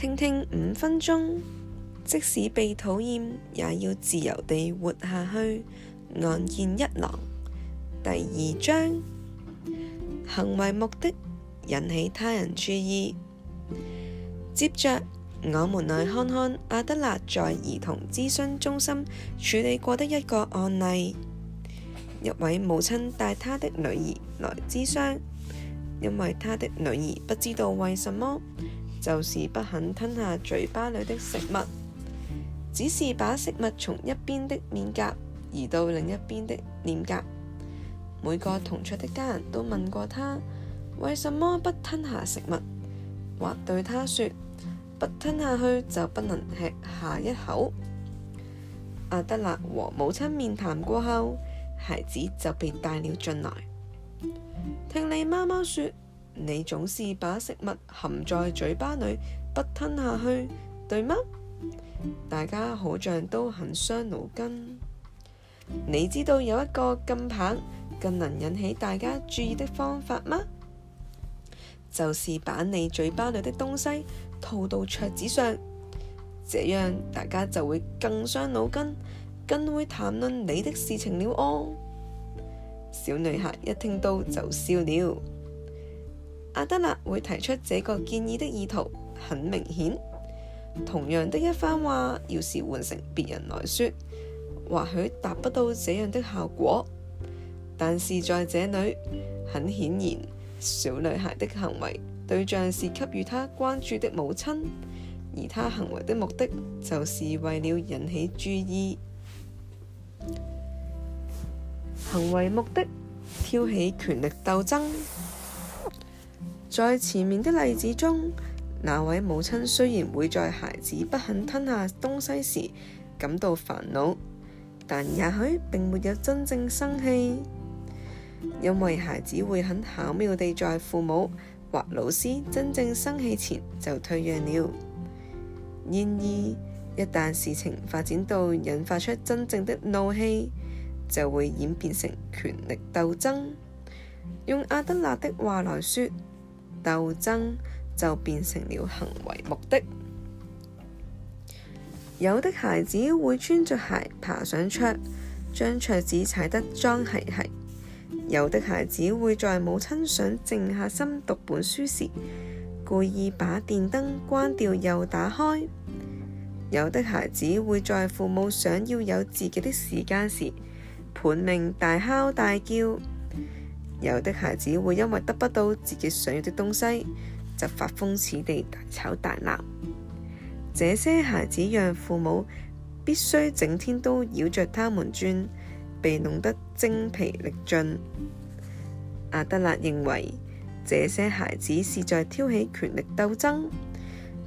聽聽五分鐘，即使被討厭，也要自由地活下去。岸見一郎，第二章，行為目的引起他人注意。接着，我們來看看阿德勒在兒童諮詢中心處理過的一個案例：一位母親帶她的女兒來諮詢，因為她的女兒不知道為什麼。就是不肯吞下嘴巴裏的食物，只是把食物從一邊的面頰移到另一邊的臉頰。每個同桌的家人都問過他，為什麼不吞下食物，或對他說，不吞下去就不能吃下一口。阿德勒和母親面談過後，孩子就被帶了進來，聽你媽媽說，你總是把食物含在嘴巴裏不吞下去，對嗎？大家好像都很傷腦筋。你知道有一個更棒、更能引起大家注意的方法嗎？就是把你嘴巴裏的東西吐到桌子上，這樣大家就會更傷腦筋，更會談論你的事情了哦。小女孩一聽到就笑了。阿德勒會提出這個建議的意圖，很明顯。同樣的一番話，要是換成別人來說，或許達不到這樣的效果。但是在這裏，很顯然，小女孩的行為對象是給予她關注的母親，而她行為的目的就是為了引起注意。行為目的，挑起權力鬥爭。在前面的例子中，那位母親雖然會在孩子不肯吞下東西時感到煩惱，但也許並沒有真正生氣，因為孩子會很巧妙地在父母或老師真正生氣前就退讓了。然而，一旦事情發展到引發出真正的怒氣，就會演變成權力鬥爭。用阿德勒的話來說：鬥爭就變成了行為目的。有的孩子會穿着鞋爬上桌，將桌子踩得髒兮兮；有的孩子會在母親想靜下心讀本書時，故意把電燈關掉又打開；有的孩子會在父母想要有自己的時間時，拚命大喊大叫。有的孩子會因為得不到自己想要的東西，就發瘋似地大吵大鬧。這些孩子讓父母必須整天都繞着他們轉，被弄得精疲力盡。阿德勒認為，這些孩子是在挑起權力鬥爭，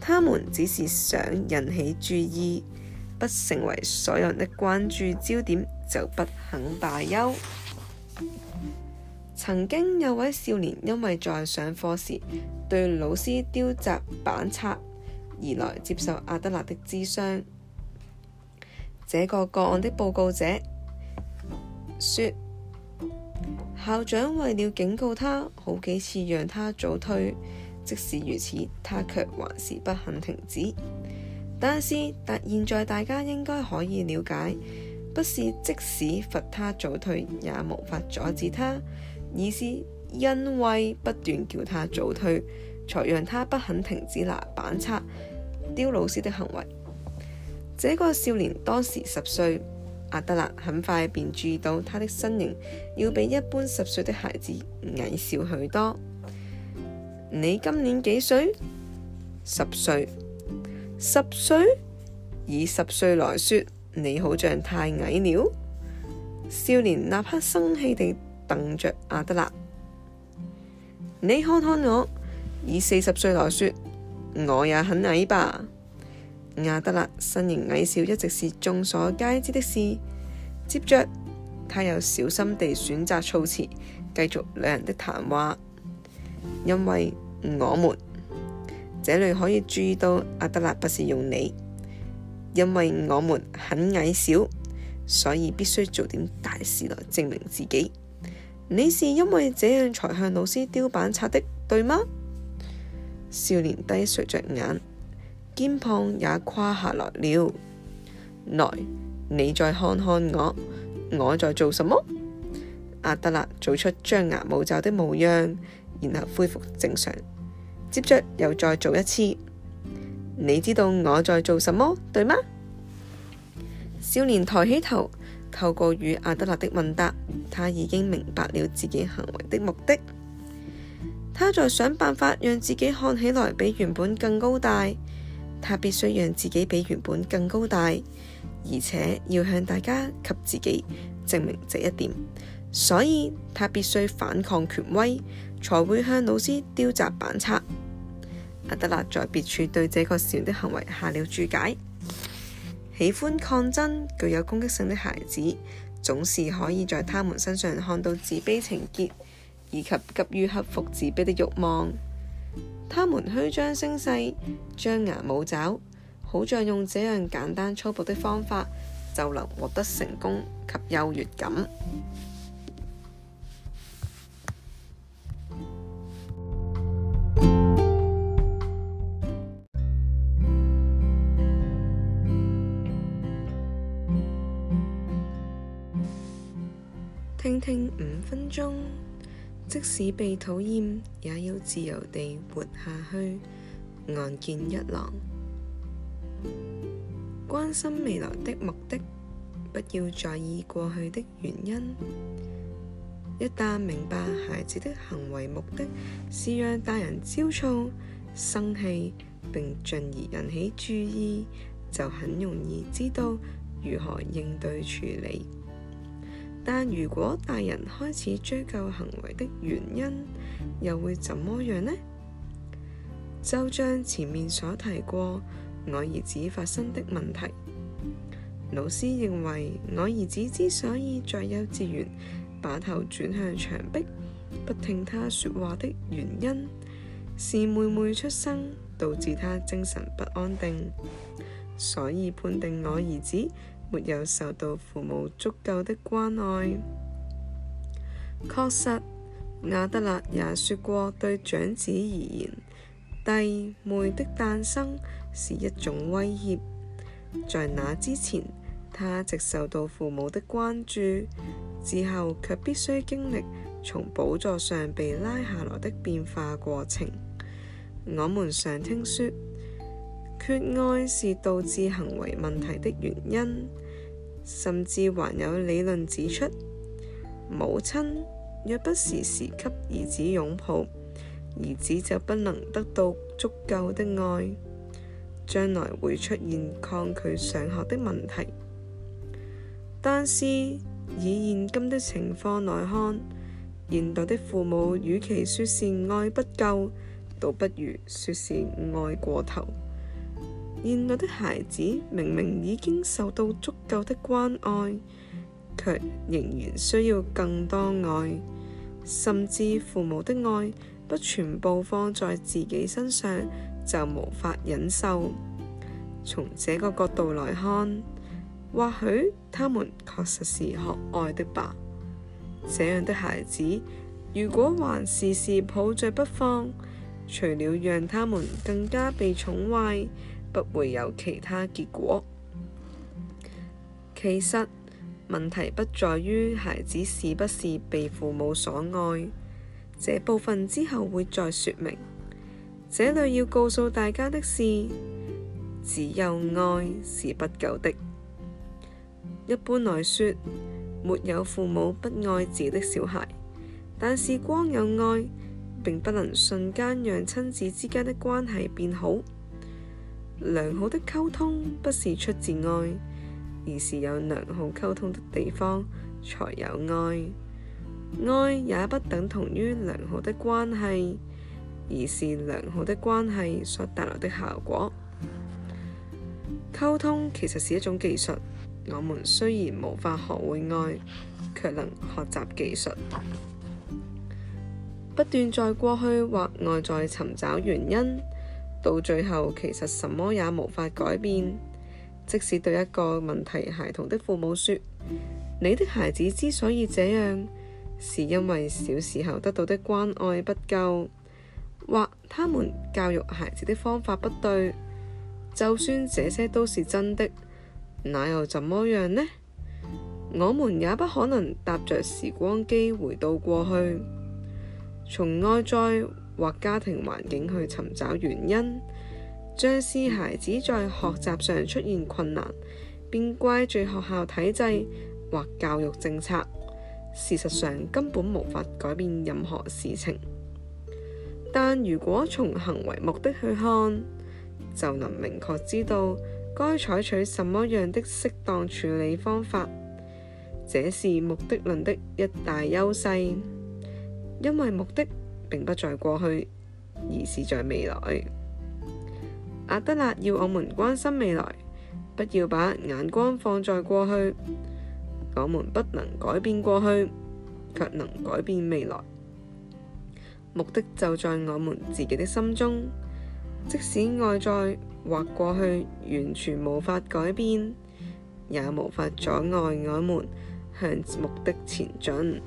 他們只是想引起注意，不成為所有人的關注焦點，就不肯罷休。曾經有位少年，因為在上課時對老師丟擲板擦，而來接受阿德勒的諮商。這個個案的報告者說：校長為了警告他，好幾次讓他早退，即使如此，他卻還是不肯停止。但是，但現在大家應該可以了解，不是即使罰他早退，也無法阻止他。意思因為不斷叫他早退，才讓他不肯停止拿板擦丟老師的行為。這個少年當時十歲，阿、啊、德勒很快便注意到他的身形要比一般十歲的孩子矮小許多。你今年幾歲？十歲。十歲？以十歲來說，你好像太矮了。少年立刻生氣地。等着阿德勒，你看看我，以四十歲來說，我也很矮吧？阿德勒身形矮小一直是眾所皆知的事。接着，他又小心地選擇措辭，繼續兩人的談話，因為我們，這裏可以注意到阿德勒不是用你，因為我們很矮小，所以必須做點大事來證明自己。你是因為這樣才向老師丟板擦的，對嗎？少年低垂着眼，肩膀也垮下來了。來，你再看看我，我在做什麼？阿德勒做出張牙舞爪的模樣，然後恢復正常，接着又再做一次。你知道我在做什麼，對嗎？少年抬起頭。透過與阿德勒的問答，他已經明白了自己行為的目的。他在想辦法讓自己看起來比原本更高大。他必須讓自己比原本更高大，而且要向大家及自己證明這一點。所以，他必須反抗權威，才會向老師丟擲板擦。阿德勒在別處對這個少年的行為下了注解。喜歡抗爭、具有攻擊性的孩子，總是可以在他們身上看到自卑情結，以及急於克服自卑的欲望。他們虛張聲勢、張牙舞爪，好像用這樣簡單粗暴的方法，就能獲得成功及優越感。聽聽五分鐘，即使被討厭，也要自由地活下去。岸見一郎，關心未來的目的，不要在意過去的原因。一旦明白孩子的行為目的，是讓大人焦躁、生氣，並進而引起注意，就很容易知道如何應對處理。但如果大人開始追究行為的原因，又會怎麼樣呢？就像前面所提過，我兒子發生的問題，老師認為我兒子之所以在幼稚園把頭轉向牆壁，不聽他說話的原因，是妹妹出生導致他精神不安定，所以判定我兒子。沒有受到父母足夠的關愛。確實，亞德勒也說過，對長子而言，弟妹的誕生是一種威脅。在那之前，他一直受到父母的關注，之後卻必須經歷從寶座上被拉下來的變化過程。我們常聽說，缺愛是導致行為問題的原因，甚至還有理論指出，母親若不時時給兒子擁抱，兒子就不能得到足夠的愛，將來會出現抗拒上學的問題。但是以現今的情況來看，現代的父母與其說是愛不夠，倒不如說是愛過頭。現在的孩子明明已經受到足夠的關愛，卻仍然需要更多愛，甚至父母的愛不全部放在自己身上，就無法忍受。從這個角度來看，或許他們確實是學愛的吧。這樣的孩子如果還時時抱着不放，除了讓他們更加被寵壞，不會有其他結果。其實問題不在於孩子是不是被父母所愛，這部分之後會再說明。這裏要告訴大家的是，只有愛是不夠的。一般來說，沒有父母不愛自己的小孩，但是光有愛，並不能瞬間讓親子之間的關係變好。良好的溝通不是出自愛，而是有良好溝通的地方才有愛。愛也不等同於良好的關係，而是良好的關係所帶來的效果。溝通其實是一種技術，我們雖然無法學會愛，卻能學習技術。不斷在過去或外在尋找原因。到最後，其實什麼也無法改變。即使對一個問題孩童的父母說，你的孩子之所以這樣，是因為小時候得到的關愛不夠，或他們教育孩子的方法不對，就算這些都是真的，那又怎麼樣呢？我們也不可能搭着時光機回到過去，從外在。或家庭環境去尋找原因，將視孩子在學習上出現困難，便怪罪學校體制或教育政策。事實上根本無法改變任何事情。但如果從行為目的去看，就能明確知道該採取什麼樣的適當處理方法。這是目的論的一大優勢，因為目的。並不在過去，而是在未來。阿德勒要我們關心未來，不要把眼光放在過去。我們不能改變過去，卻能改變未來。目的就在我們自己的心中，即使外在或過去完全無法改變，也無法阻礙我們向目的前進。